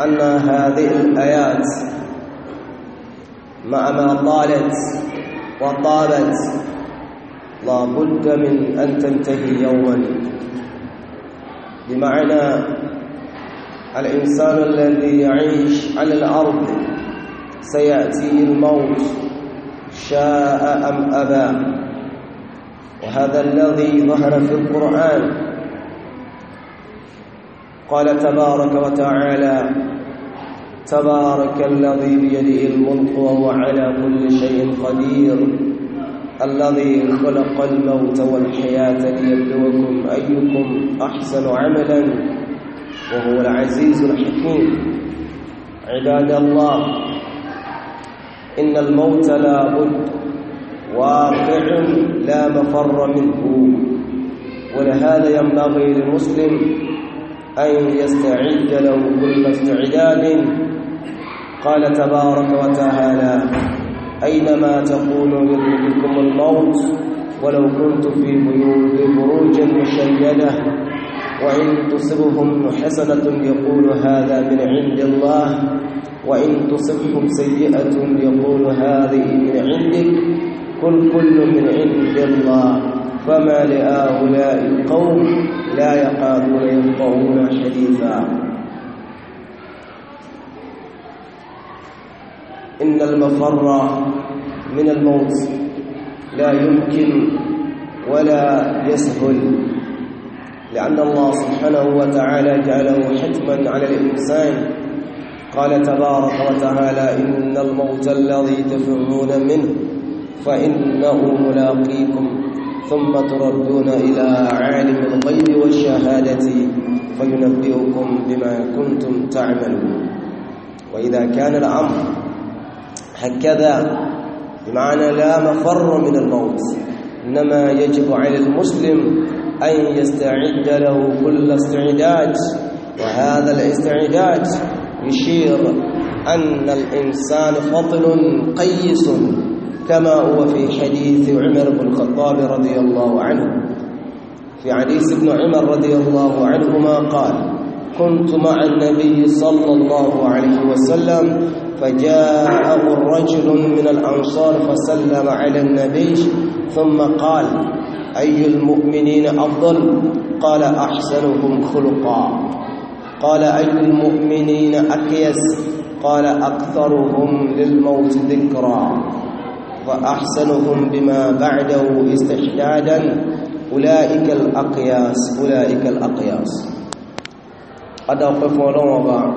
أن هذه الآيات مع ما طالت وطابت لا بد من أن تنتهي يوما بمعنى الإنسان الذي يعيش على الأرض سيأتيه الموت شاء أم أبى وهذا الذي ظهر في القرآن قال تبارك وتعالى تبارك الذي بيده الملك وهو على كل شيء قدير الذي خلق الموت والحياة ليبلوكم أيكم أحسن عملا وهو العزيز الحكيم عباد الله إن الموت لا بد واقع لا مفر منه ولهذا ينبغي للمسلم أن يستعد له كل استعداد قال تبارك وتعالى أينما تقولوا يدرككم الموت ولو كنت في بيوت بروج مشيدة وإن تصبهم حسنة يقول هذا من عند الله وإن تصبهم سيئة يقول هذه من عندك قل كل, كل من عند الله فما لهؤلاء القوم لا يقادون يبقون حديثا إن المفر من الموت لا يمكن ولا يسهل لأن الله سبحانه وتعالى جعله حتما على الإنسان قال تبارك وتعالى إن الموت الذي تفرون منه فإنه ملاقيكم ثم تردون إلى عالم الغيب والشهادة فينبئكم بما كنتم تعملون وإذا كان الأمر هكذا بمعنى لا مفر من الموت إنما يجب على المسلم أن يستعد له كل استعداد وهذا الاستعداد يشير أن الإنسان فضل قيس كما هو في حديث عمر بن الخطاب رضي الله عنه في حديث ابن عمر رضي الله عنهما قال كنت مع النبي صلى الله عليه وسلم فجاءه رجل من الأنصار فسلم على النبي ثم قال أي المؤمنين أفضل قال أحسنهم خلقا قال أي المؤمنين أكيس قال أكثرهم للموت ذكرا وأحسنهم بما بعده استشدادا أولئك الأقياس أولئك الأقياس أدوقف ولوما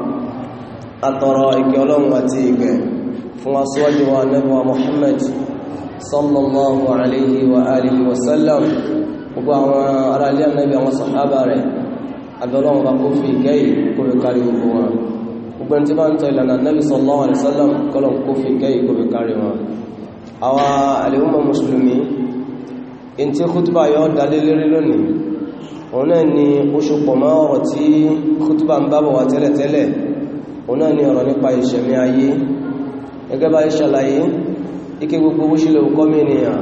أترائك ولوما تيك فأصوج ونبوى محمد صلى الله عليه وآله وسلم وقام أرى النبي وصحابه أدوقف وكفي كي كل قريب gbogbo ẹni tí bá ń tọ ìlànà nẹ́bí sallallahu alaihi wasallam kọ́lọ̀ kó fi kẹ́ àwọn àlèwọ́mọ̀ mùsùlùmí in tí kútùbà yọ dalé lónìí òun náà ni ó ṣopọ̀ mọ́ ọ̀rọ̀ tí kútùbà ń bábọ̀ wá tẹ́lẹ̀tẹ́lẹ̀ òun náà ni ọ̀rọ̀ nípa ìṣẹ̀mí ayé gẹ́gẹ́ bá ṣàlàyé ike gbogbo ó ṣílẹ̀ òkọ́ mìíràn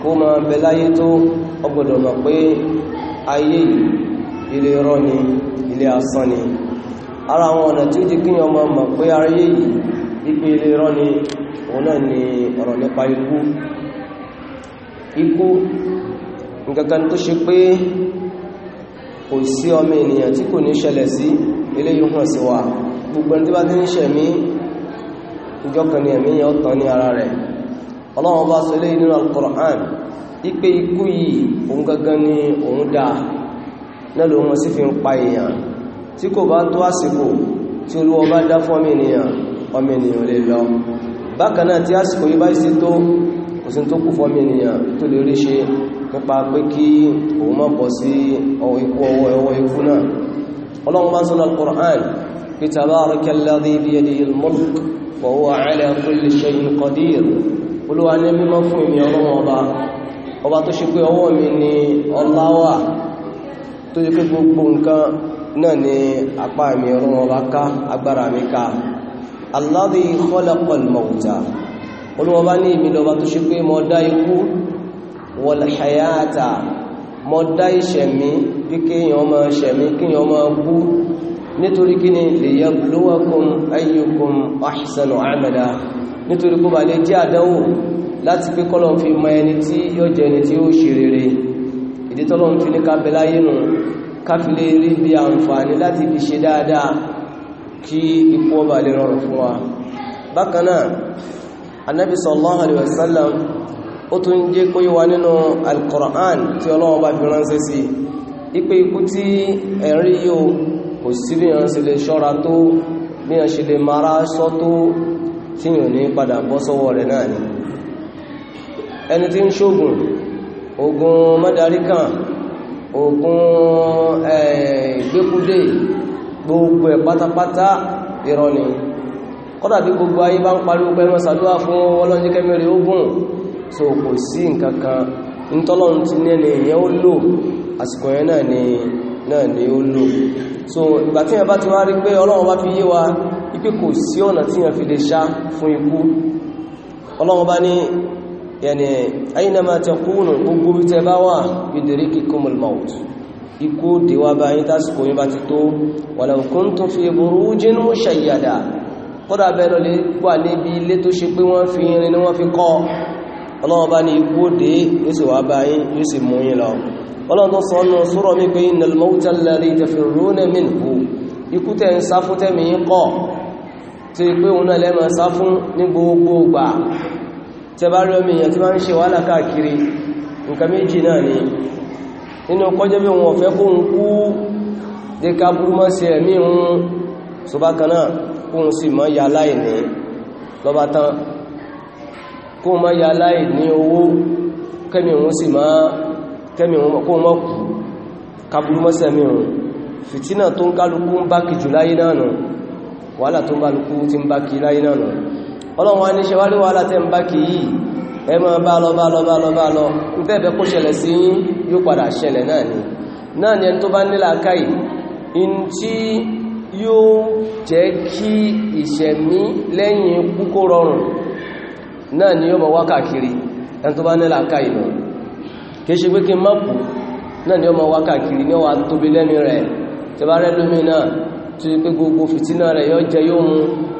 kó ma bẹ láyé tó ọgbọ̀dọ̀ mọ̀ pé ayé ilé rọ́ ni ilé òun náà ni ọ̀rọ̀ nípa ikú ikú nǹkankan tó ṣe pé kò sí ọmọ ènìyàn tí kò ní ṣẹlẹ̀ sí eléyìí hàn sí wa gbogbo ẹni tí bá ti ń ṣẹ̀mí ìjọkàn ni ẹ̀mí yẹn ó tán ní ara rẹ̀ ọlọ́run bá sọ eléyìí nínú al-Qur'an ipe ikú yìí òun gangan ni òun dáa náà ló wọn sí fi ń pa èèyàn tí kò bá tó àsìkò tí olúwọ bá dá fún ọmọ ènìyàn ọmọ ènìyàn lè lọ bákan náà tí àsìkò yí bá ṣe tó kò sí tó kù fọ́mí ènìyàn tó lè rí ṣe nípa pé kí òun má bọ̀ sí ọwọ́ ikú ọwọ́ ẹwọ́ ikú náà ọlọ́run bá ń sọ́nà al-Qur'an pé tabaraka alladhi biyadihi mi ọlọ́run ọba ká agbára mi ká alladhi khalaqal mauta olúwa bá ní ìmìlọ bá tó ṣe pé mo dá ikú wal hayata mo dá ìṣẹ̀mí bí kíyàn ọmọ ṣẹ̀mí kíyàn ọmọ kú nítorí kí ni liyabluwakum ayyukum ahsanu amala nítorí kó bá lè jẹ́ àdánwò láti pé kọ́lọ̀ kí ipò ọba lè rọrùn fún wa bákanáà annabi sallallahu alaihi wasallam ó tún jẹ́ kó yíwa nínú alkùrán tí ọlọ́wọ́ bá fi ránṣẹ́ sí ipé ikú tí ẹ̀rí yóò kò sí bí sí lè mara sọ tó tí yàn ní padà bọ́ sọ́wọ́ rẹ̀ náà ni ẹni tí ogun mọ́darí ogun ẹ̀ẹ́gbẹ́kúdé gbogbo ẹ̀ pátápátá irọ́ ni kọ́dà bí gbogbo ayé bá ń pariwo pé ẹmọ fún ọlọ́njẹ́ ogun so kò sí nkankan ń ti ní ẹni èyàn ó lò àsìkò yẹn náà ni náà ni ó lò so ìgbà tí bá ti wá rí pé ọlọ́run bá fi yé wa ipé kò sí ọ̀nà tí fi lè ṣá fún ikú ikú dìwà báyìí tásìkò yí bá ti tó walau kuntum fi burujin mushayyada kódà bẹ́ẹ̀lọ lè wà níbi ilé tó ṣe pé wọ́n fi irin ni wọ́n fi kọ́ ọlọ́wọ́ bá ní ikú dé yóò sì wà báyìí yóò sì mú yín lọ ọlọ́wọ́ tó sọ nù sura mi pé innal mawta alladhi ní nínú kọjẹ́ bí wọn fẹ́ kóhun kú dé ká burú mọ́ sí ẹ̀mí hun so bákanáà kóhun sì mọ́ ya láì ní lọ́bá tán kóhun mọ́ ya láì ní owó kẹ́mì hun sì mọ́ kẹ́mì hun kóhun mọ́ kú ká mọ́ ẹ máa bá lọ bá lọ bá lọ bá lọ bẹ́ẹ̀bẹ́ kó ṣẹlẹ̀ sí yín yóò padà ṣẹlẹ̀ náà ni náà ni ẹni tó bá nílà káì in tí yóò jẹ́ kí ìṣẹ̀mí lẹ́yìn púpọ̀ rọrùn náà ni yóò mọ̀ wákàkiri ẹni tó bá nílà káì lọ kìí ṣe pé kí mọ́pù náà ni yóò mọ̀ wákàkiri ní wà tóbi lẹ́mi rẹ̀ tẹbárẹ́ lómi gbogbo fìtínà rẹ̀ yóò jẹ yóò mú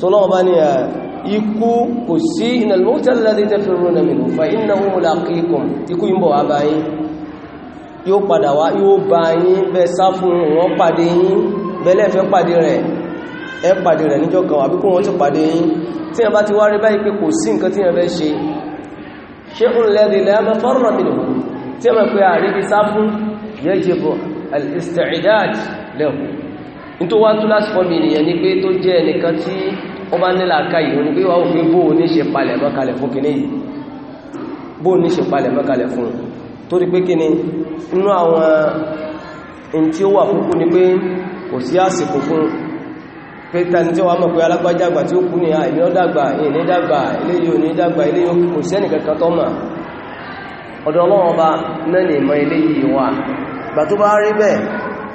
sọlọ́wọ́ bá ní ah, ikú kò sí innal mauta alladhi tafirruna minhu fa innahu mulaqikum ikú ìbọ̀ wá bá yín yóò padà wá yóò bá yín bẹ́ sá fún wọn pàdé yín bẹ́lẹ̀ fẹ́ pàdé rẹ̀ ẹ pàdé rẹ̀ níjọ́ kan àbí kó ti pàdé yín tí ẹ bá ti wá rí báyìí kò sí nǹkan tí ẹ fẹ́ ṣe shay'un alladhi la mafarra minhu tó wá ń tú láti fọ́ mi nìyẹn ni pé tó jẹ́ ẹnìkan tí ó bá nílà ká yìí ní pé wà wọ́n pé bó ní ṣe palẹ̀ mọ́kalẹ̀ fún kìíní yìí bó ní ṣe palẹ̀ mọ́kalẹ̀ fún torí pé kíni inú àwọn in tí ó wà kúkú ni pé kò sí àsìkò fún pé tani tí ó wà mọ̀ pé alágbájágbà tí ó kú ní àìní ọ̀dàgbà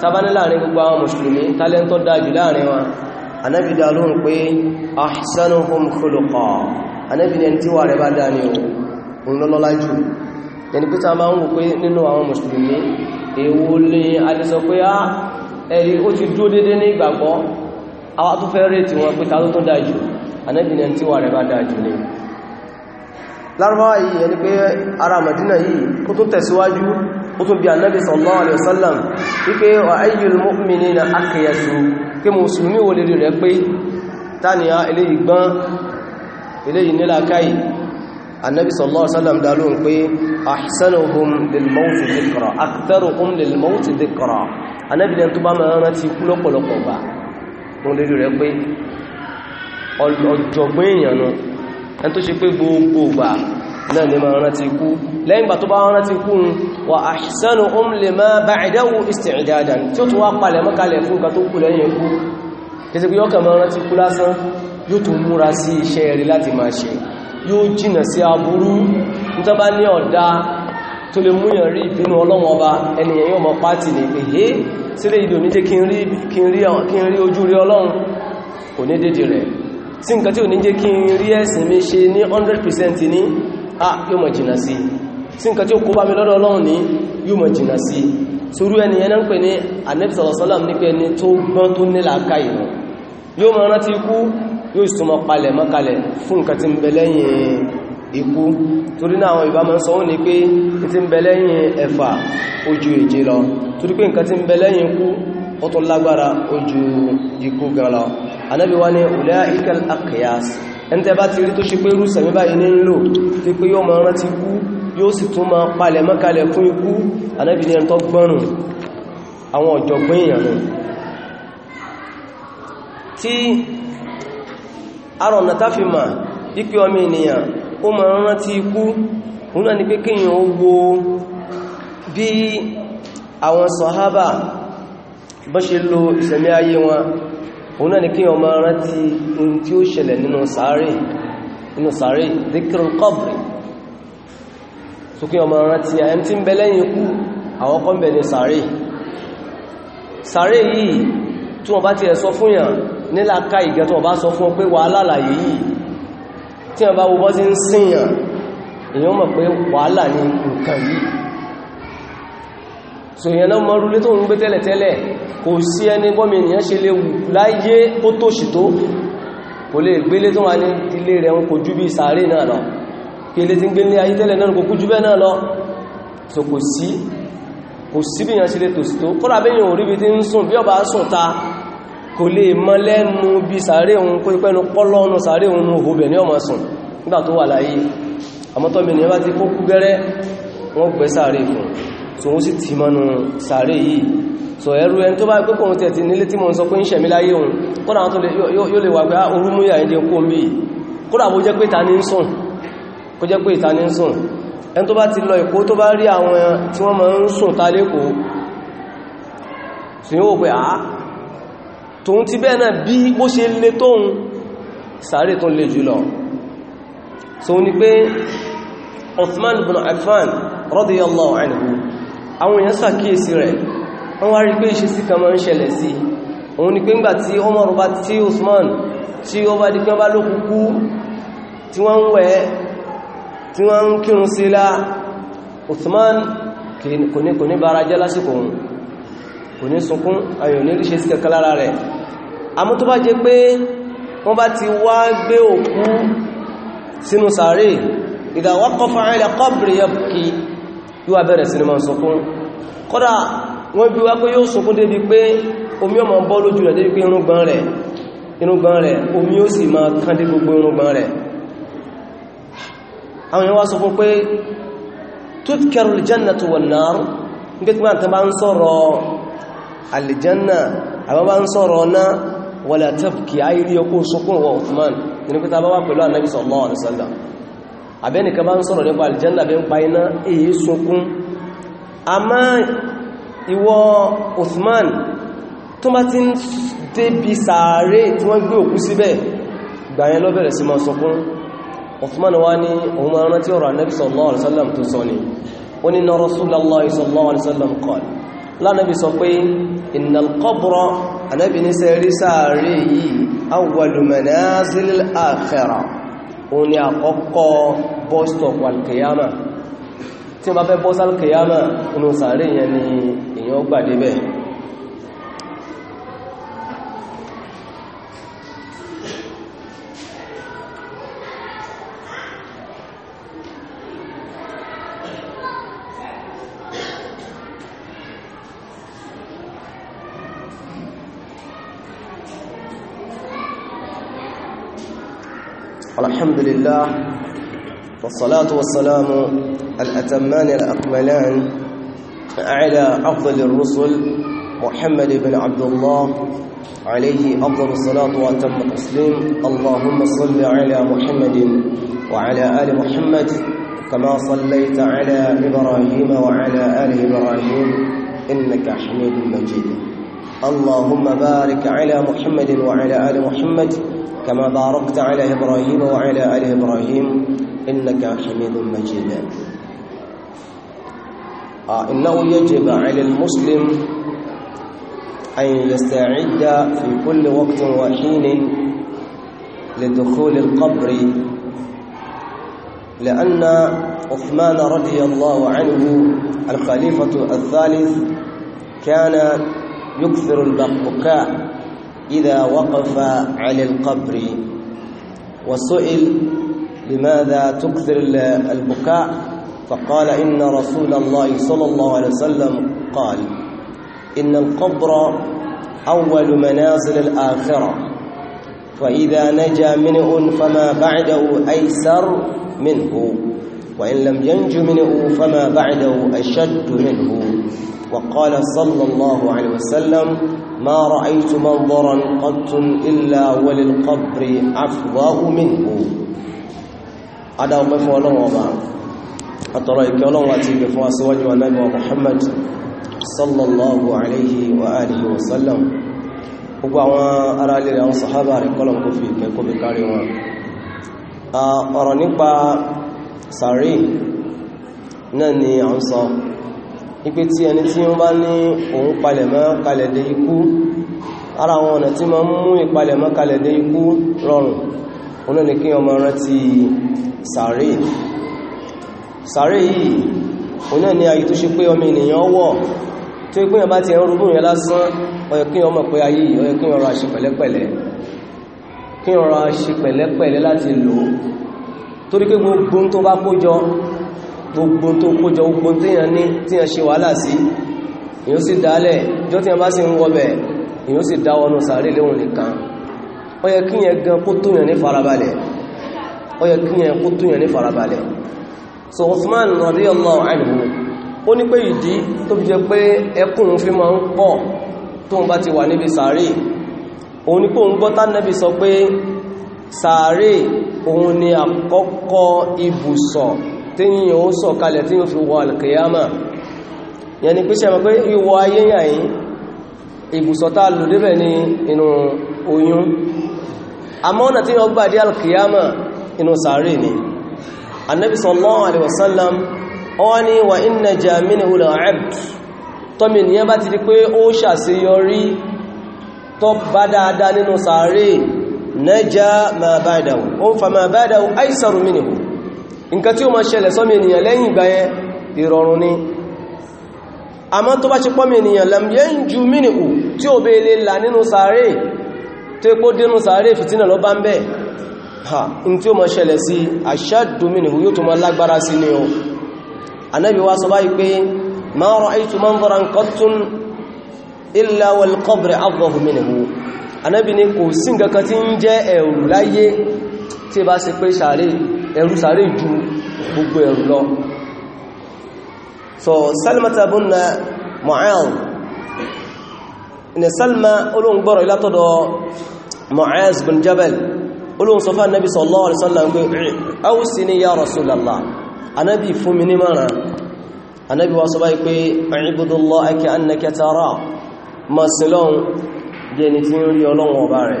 tàbání láàrin gbogbo àwọn mùsùlùmí tálẹ́ntọ́ dájú láàrin wọn anábi dá lóhùn pé ahsanuhum khuluqa anábi ni ẹni tí wà rẹ̀ bá dá ní ohun lọ́lọ́lá jù yẹni pé ta máa ń wò pé nínú àwọn mùsùlùmí èwo lè alẹ́sọ pé á ah, ẹ̀rí ó ti dúó dédé ní ìgbàgbọ́ àwọn tó fẹ́ rẹ̀ tí wọ́n pé ta ló tó dájú anábi ni ẹni tí wà rẹ̀ bá dájú pé ara Mẹ̀dínà yìí ó tún tẹ̀síwájú ó tún bí annabi sallallahu alaihi wasallam wípé wa ayyul mu'minina aqyasu kí mùsùlùmí wo lè rẹ̀ pé tánìyà eléyìí gbọ́n eléyìí nílá káì annabi sallallahu alaihi wasallam dá lóhùn pé ahsanuhum lil mawti dhikra tó ṣe pé gbogbo gbà náà ni máa rántí kú lẹ́yìn bá tó bá rántí kú ń wà ahsanu lima ba'dahu isti'dadan tí ó tó wá palẹ̀ mọ́kalẹ̀ fún ka tó kú lẹ́yìn kú kẹsẹ̀ pé yọ́kà máa rántí kú lásán yóò tó múra sí iṣẹ́ rí láti máa ṣe yóò jìnà sí aburú nítorí bá ní ọ̀dá tó lè múyàn rí ìbínú nǹkan tí ò ní jẹ́ kí n rí ẹ̀sìn mi ṣe ní 100% ní ah yóò mọ̀ jìnà sí sí nǹkan tí ó kó bá mi lọ́dọ̀ ọlọ́run ní yóò mọ̀ jìnà sí sórú ẹni ẹ̀nà ń pè ní Ànábì sallallahu alaihi wasallam ní pé ẹni tó gbọ́n tó nílà ká ìrọ̀ yóò mọ̀ rántí ikú yóò sì mọ̀ palẹ̀ mọ́kalẹ̀ fún nǹkan tí ń bẹ lẹ́yìn ikú torí náà àwọn ìbámọ́ sọ ní pé tí ń bẹ lẹ́yìn ẹ̀fà ojú èje lọ torí ulaika al-aqyas ẹni tẹ́ bá ti rí tó ṣe pé irú sẹ̀mí báyìí ní lò tí pé yóò máa rántí kú yóò sì tún máa palẹ̀ mọ́kalẹ̀ fún ikú Ànábì ní ẹni tó gbọ́nrùn àwọn ọ̀jọ̀gbọ́n èèyàn tí arọ̀nà táfi mà ọmọ ènìyàn ó máa rántí ikú òun náà ni lo ìṣẹ̀mí ayé òun náà ni kí ọmọ rántí ohun tí ó ṣẹlẹ̀ nínú sàárè nínú sàárè zikrul qabri so kí ọmọ rántí ayẹ́ tí ń bẹ lẹ́yìn ikú àwọn kan bẹ̀ ní sàárè sàárè yìí tí wọ́n bá ti ẹ̀ sọ fún yàn nílàká ìgẹ́ tó bá sọ fún pé wàhálà yìí so èyàn náà mọ́ rúlé tó ń gbé tẹ́lẹ̀tẹ́lẹ̀ kò sí ẹni bọ́mí ènìyàn ṣe lè wù láyé ó tó ṣì tó kò lè gbélé tó wà ní ilé rẹ̀ ń kò jú bí sàárè náà lọ kí ilé tí ń gbé ní ayé tẹ́lẹ̀ náà kò kú jú bẹ́ẹ̀ náà lọ so kò sí kò sí bí èyàn ṣe lè tò sí tó kọ́ra bí èyàn orí kó pẹ́nu pọ́lọ́nu so wọ́n sì ti mọ́nu sàárè yìí so ẹrù ẹni tó bá pé kòrò tẹ̀ ti nílé tí mo ń sọ pé ń ṣẹ̀mí láyé òun kódà wọn tó yóò lè wà pé ah, orúmúyà ẹ̀jẹ̀ kó mí kódà bó jẹ́ pé ìta ní ń sùn kó jẹ́ pé ìta ní ń sùn ẹni tó bá ti lọ Èkó tó bá rí àwọn tí wọ́n máa ń sùn ta lẹ́kọ̀ọ́ sì yóò pé ah, àwọn èèyàn sàkíyèsí rẹ̀ wọ́n wá rí pé ìṣe sí kan máa ń ṣẹlẹ̀ sí òun ni pé ńgbà tí Umar bá tí Usman tí ó bá di pé bá lókùnkú tí wọ́n ń wẹ̀ tí wọ́n ń kírun sí lá Usman kò ní bára jẹ́ lásìkò òun kò ní yóò abẹ́rẹ̀ sí ni ma sọkún kọ́dá wọ́n bí wá pé yóò sọkún débi pé omi ọmọ bọ́ lójú rẹ̀ débi pé irúgbọ́n rẹ̀ irúgbọ́n rẹ̀ omi ó sì máa kán dé gbogbo irúgbọ́n rẹ̀ àwọn yẹn wá sọ fún pé tudkaru aljannatu wan nar nígbé tí wọ́n tán bá ń sọkún pé ta àbẹ́nìkan bá ń sọ̀rọ̀ nípa aljanna bẹ́ ń pa iná èyí sunkún a má ìwọ Uthman tó má ti ń débi sàárè tí wọ́n gbé òkú síbẹ̀ gbàyẹn ló bẹ̀rẹ̀ sí máa sunkún Uthman wá ní ohun arántí ọ̀rọ̀ Ànábì sallallahu alaihi wasallam tó sọ ni ó òun ni àkọ́kọ́ bọ́stọ̀p alkiyama tí wọ́n bá fẹ́ bọ́stọ̀p alkiyama inú sàárè yẹn ni èyàn gbàdébẹ̀ الحمد لله والصلاة والسلام الأتمان الأكملان على أفضل الرسل محمد بن عبد الله عليه أفضل الصلاة وأتم التسليم اللهم صل على محمد وعلى آل محمد كما صليت على إبراهيم وعلى آل إبراهيم إنك حميد مجيد اللهم بارك على محمد وعلى آل محمد كما باركت على إبراهيم وعلى آل إبراهيم إنك حميد مجيد آه، إنه يجب على المسلم أن يستعد في كل وقت وحين لدخول القبر لأن عثمان رضي الله عنه الخليفة الثالث كان يكثر البكاء إذا وقف على القبر وسئل لماذا تكثر البكاء فقال إن رسول الله صلى الله عليه وسلم قال إن القبر أول منازل الآخرة فإذا نجا منه فما بعده أيسر منه وإن لم ينج منه فما بعده أشد منه وقال صلى الله عليه وسلم ما رأيت منظرا قط إلا وللقبر أفضاه منه هذا هو قفو الله وضع أترى إكلا واتيك فواسواج ونبي محمد صلى الله عليه وآله وسلم وقوى أرى لي أن صحابة ركلا كفيك كفيكاري وأرى نقبى ساري نني عن صحابة ipe tí ẹni tí wọ́n bá ní òun palẹ̀mọ́ kalẹ̀dẹ̀ ikú ara àwọn ọ̀nà tí ma ń mú ìpalẹ̀mọ́ kalẹ̀dẹ̀ ikú rọrùn òun ní kí ọmọ rántí sàárè sàárè yìí òun ní ayé tó ṣe pé ọmọ ènìyàn wọ̀ tí ó pínyàn bá ti ẹ̀rọ rúgbùn yẹn lásán gbogbo tó kójọ gbogbo tíyàn ní tíyàn ṣe wàhálà sí èyàn sì dálẹ̀ jọ tíyàn bá sì ń wọbẹ̀ èyàn sì dá wọnú sàárè léhun nìkan ó yẹ kí yẹn gan kó tóyàn ní farabalẹ̀ ó yẹ kí yẹn kó tóyàn ní farabalẹ̀ so Uthman radiyallahu anhu ó ní pé ìdí tó fi jẹ pé ẹkùn fi máa ń pọ̀ tóun bá ti wà níbi sàárè òun ni kóun gbọ́ tánàbì sọ pé sàárè òun ni àkọ́kọ́ ibùsọ̀ tí yíò ó sọ̀kalẹ̀ tí yíò fi wọ alkiyama yẹn ni píṣẹ́ mọ̀ pé ìwọ ayé yàyìn ìbùsọ̀tà lò débẹ̀ ní inú oyún àmọ́ ọ̀nà tí yíò gbà dé alkiyama inú sàárè ni annabi sallallahu alaihi wasallam ọwá ni wà inna jaminahu la'abd tọ́mì nìyẹn bá ti di pé nǹkan tí ó ma ṣẹlẹ̀ sọ́mì ènìyàn lẹ́yìn ìgbà yẹn ìrọ̀rùn ni a mọ́ tó bá ṣe pọ́mì ènìyàn lẹ́yìn ju mínìkù tí ó bèé lè là nínú sàárè tó ipò dínú sàárè fìtínà lọ bá ń bẹ̀ ha in tí ó ma ṣẹlẹ̀ sí aṣáàdù mínìkù yóò tó ma lágbára sí ni o anábi wa sọ báyìí pé ma ra'aytu manzaran qattun illa wal ẹ̀rù sàárè ju gbogbo ẹ̀rù lọ so Salmata bunna Mu'adh ni Salma olóhun gbọ́rọ̀ ilátọ́dọ̀ Mu'adh bin Jabal olóhun sọfá nabi sallallahu alaihi wasallam pé awsini ya Rasulallah anábi fún mi ní mara anábi wa sọ báyìí pé i'budullaha ka'annaka tara ma sílọ́un jẹ́ ni tí ń rí ọlọ́run ọba rẹ̀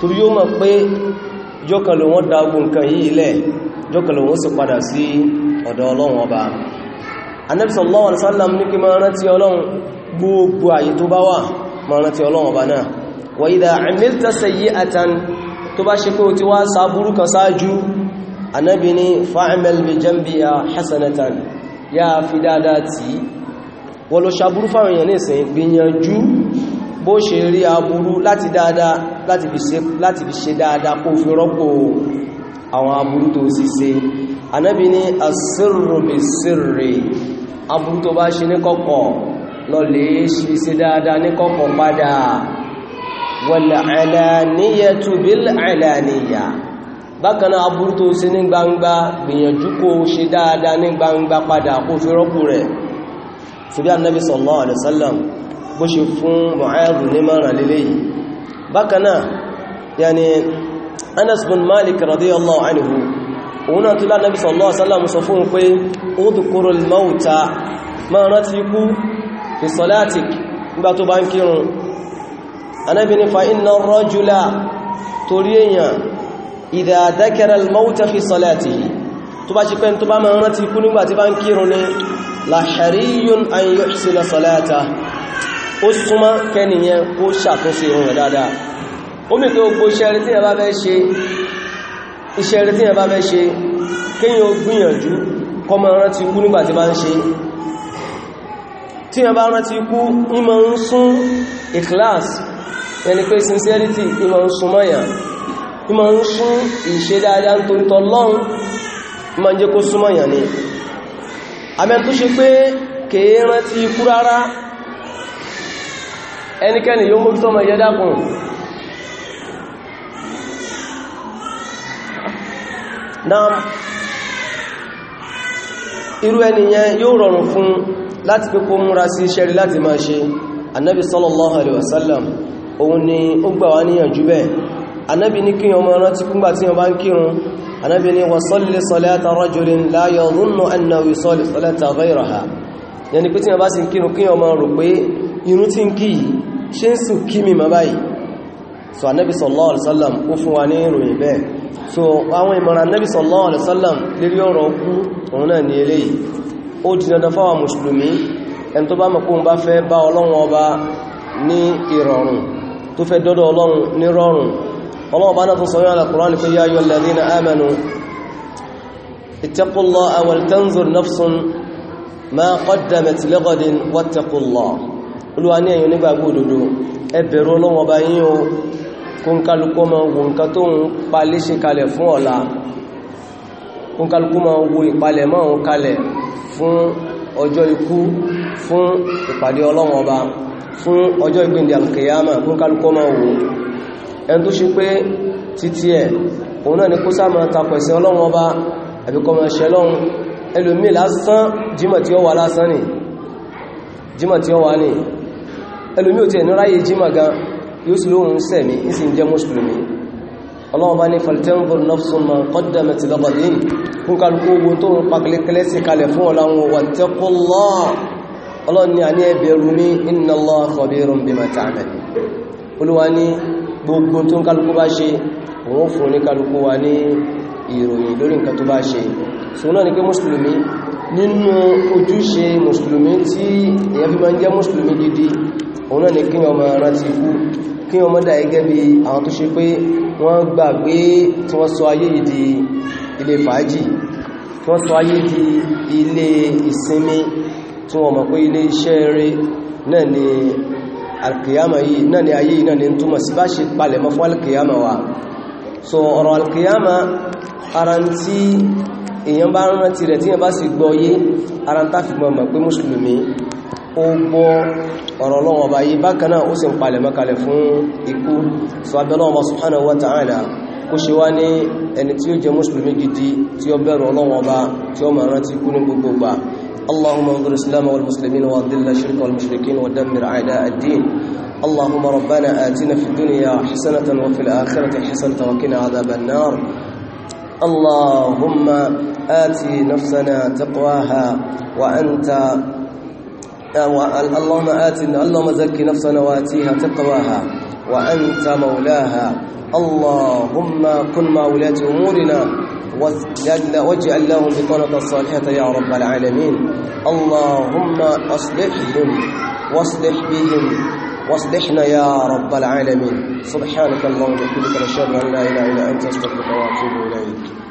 torí yóò mọ̀ pé jọ́kànlò wọn dágún nǹkan yìí ilẹ̀ jọ́kànlò wọn sì padà sí ọ̀dọ̀ ọlọ́run ọba Ànábì sallallahu alaihi wasallam ní kí máa rántí ọlọ́run gbogbo àyè tó bá wà máa rántí ọlọ́run ọba náà wa idha amilta sayyi'atan tó bá ṣe pé bó ṣe rí aburú láti dáadáa láti fi ṣe dáadáa kó fi rọ́pò àwọn aburú tó sì ṣe anábi ní asírù bí sírì aburú tó bá ṣe ní kọ̀kọ̀ lọ lè ṣe dáadáa ní kọ̀kọ̀ padà wal-alaniyatu bil-alaniya bákanáà aburú tó ṣe ní gbangba gbìyànjú kó ṣe dáadáa ní gbangba padà kó fi rọ́pò rẹ̀ sallallahu alaihi wasallam bó ṣe fún Mu'adh ní mara lélé yìí bákanáà yàní Anas bin Malik radiyallahu anhu òun náà tó lánàbí sallallahu alaihi wasallam sọ fún pé udhkurul mauta ma rántí ikú fi salatik nígbà tó bá ń kírun anábi ní fa inna ar-rajula torí èèyàn idha dhakara al-mauta fi salatihi tó bá ṣe pẹ́ tó bá ma rántí ikú nígbà tí bá ń kírun ní la hariyun an yuhsina salatahu ó súnmọ́ kẹ́niyàn kó ṣàtúnṣe irun rẹ̀ dáadáa ó mì pé gbogbo iṣẹ́ tí ẹ bá fẹ́ ṣe iṣẹ́ tí ẹ bá fẹ́ ṣe kéyàn ó gbìyànjú kọmọ rántí ikú nígbàtí bá ń ṣe tí ẹ bá rántí ikú ìmọ̀ ń sún ìkìláàs ẹni pé sincerity ìmọ̀ ń sún mọ́yà ìmọ̀ ń sún ìṣe dáadáa tó ń tọ́ lọ́run ìmọ̀ ń jẹ́ kó ẹnikẹ́ni yóò mójú tọ́mọ yẹ dákùn náà irú ẹniyẹn yóò rọrùn fún láti pé kó múra sí iṣẹ́ rí láti máa ṣe annabi sallallahu alaihi wasallam òun ni ó gbà wá níyànjú bẹ́ẹ̀ annabi ní kí ọmọ rántí kúngbà tí wọ́n bá ń kírun annabi ní wa salli salata rajulin la yadhunnu annahu yusalli salata ghayraha yẹni pé tí wọ́n bá sì kírun kí ọmọ rò pé irun tí ń kí yìí ṣe ń sùn kí mi ma báyìí so annabi sallallahu alaihi wasallam ó fún wa ní ìròyìn bẹ́ẹ̀ so àwọn ìmọ̀ràn annabi sallallahu alaihi wasallam lérí ọ̀rọ̀ kú òun náà ní eléyìí ó di dandan fáwa mùsùlùmí ẹni tó bá mọ̀ bá fẹ́ bá ọlọ́run ọba ní ìrọ̀rùn tó fẹ́ dọ́dọ̀ ọlọ́run ní rọ̀rùn ọlọ́run ọba náà tún sọ yọ́nà Qur'an pé yá ayyuhal ladhina amanu ittaqullaha wal tanzur nafsun ma qaddamat lighadin wattaqullaha olúwa ní ẹ̀yin onígbàgbọ́ òdodo ẹ bẹ̀rù Ọlọ́run Ọba yín o kó ń kálukú ma wo nǹkan tó ń pa léṣe kalẹ̀ fún ọ̀la kó ma wo ìpalẹ̀ mọ́ òun kalẹ̀ fún ọjọ́ ikú fún ìpàdé Ọlọ́run Ọba fún ọjọ́ ìgbìndì alkiyama kó ń kálukú ma wo ẹni tó ṣe pé títí ẹ̀ òun náà ni kó sáà máa takọ̀ ẹ̀sìn Ọlọ́run Ọba tí ó wà lásán ni ẹlòmí ò tí ẹ̀nú ráyè jíma gan yóò sì lóhun sẹ̀mí ìsì ń jẹ́ mùsùlùmí ọlọ́wọ́ bá ní faltenburg nafsun ma kọ́dàmẹ̀ ti lọ́gbàdín fún kálukú ogun tó ń pàkìlẹ̀kẹ́lẹ́ sí kalẹ̀ fún ọláwọn wàtẹ́kọ́lọ́ ọlọ́run ni a ní ẹbẹ̀rù ní inna Allah khabirun bima ta'mal olúwa nínú ojúṣe mùsùlùmí tí èyàn fi máa ń jẹ́ mùsùlùmí gidi òun náà ni kí ọmọ rántí ikú kí ọmọ dà gẹ́gẹ́ bí àwọn tó ṣe pé wọ́n gbà pé tí wọ́n sọ ayé yìí ilé fàájì tí wọ́n sọ ayé di ilé ìsinmi tí wọ́n mọ̀ pé ilé iṣẹ́ eré náà ni alkiyama yìí náà ni ayé yìí náà ni túnmọ̀ sí bá ṣe palẹ̀ mọ́ fún alkiyama wa so ọ̀rọ̀ alkiyama ara tí èèyàn bá rántí rẹ̀ tí ó gbọ́ ọ̀rọ̀ lọ́wọ́ bá yí bákanáà ó sì ń palẹ̀ mọ́kalẹ̀ fún ikú so abẹ́lọ́wọ́ subhanahu wa ta'ala kó ṣe wá ní ẹni tí ó jẹ mùsùlùmí gidi tí ó bẹ̀rù ọlọ́wọ́ bá tí ó máa rántí kú ní gbogbo gbà اللهم انظر الاسلام والمسلمين واذل الشرك والمشركين ودمر اعداء الدين اللهم ربنا آتنا في الدنيا حسنة وفي الآخرة حسنة وقنا عذاب النار اللهم آت نفسنا تقواها وأنت اللهم آتنا اللهم زكي نفسنا وآتيها تقواها وأنت مولاها اللهم كن مع ولاة أمورنا واجعل لهم بطانة صالحة يا رب العالمين اللهم أصلحهم واصلح بهم واصلحنا يا رب العالمين سبحانك اللهم وبحمدك نشهد أن لا إله إلا أنت أستغفرك وأتوب إليك